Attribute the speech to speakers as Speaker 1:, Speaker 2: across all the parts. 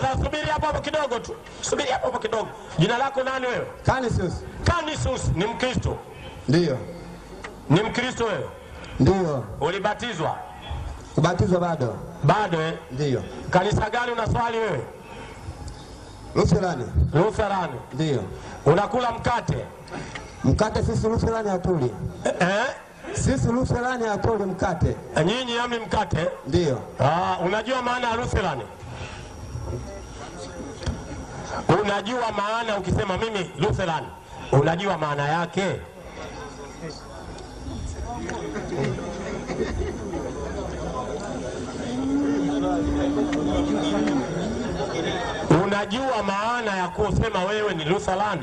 Speaker 1: Sasa subiri hapo hapo kidogo tu, subiri hapo hapo kidogo. Jina lako nani wewe? Canisius. Canisius ni Mkristo? Ndio. Ni Mkristo wewe? Ndio. Ulibatizwa?
Speaker 2: Kubatizwa bado. Bado eh? Ndio.
Speaker 1: Kanisa gani unaswali wewe? Lutherani. Lutherani. Ndio. Unakula mkate?
Speaker 2: Mkate sisi Lutherani hatuli. Eh? eh? Sisi Lutherani hatuli mkate.
Speaker 1: Nyinyi yami mkate? Ndio. Ah, unajua maana ya Lutherani? Unajua maana ukisema mimi Lutheran, unajua maana yake? Unajua maana ya kusema wewe ni Lutheran?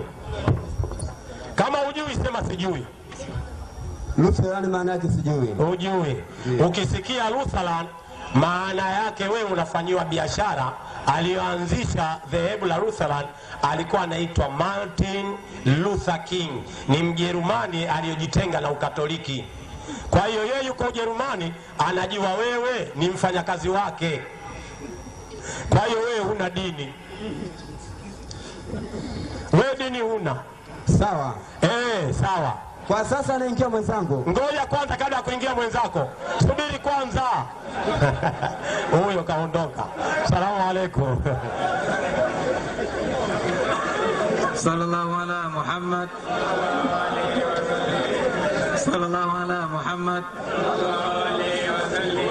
Speaker 1: Kama hujui sema sijui.
Speaker 2: Lutheran maana yake sijui.
Speaker 1: Hujui. Yeah. Ukisikia Lutheran maana yake wewe unafanyiwa biashara. Aliyoanzisha dhehebu la Lutheran alikuwa anaitwa Martin Luther King, ni Mjerumani aliyojitenga na Ukatoliki. Kwa hiyo yeye yuko Ujerumani, anajua wewe ni mfanyakazi wake, kwa hiyo wewe huna dini, wewe dini huna. Sawa eh, sawa
Speaker 2: kwa sasa anaingia mwenzangu.
Speaker 1: Ngoja kwanza, kabla ya kuingia mwenzako, subiri kwanza. Huyo kaondoka. Salamu alaikum.
Speaker 3: Sallallahu ala Muhammad. Sallallahu ala Muhammad. Sallallahu alayhi wa sallam.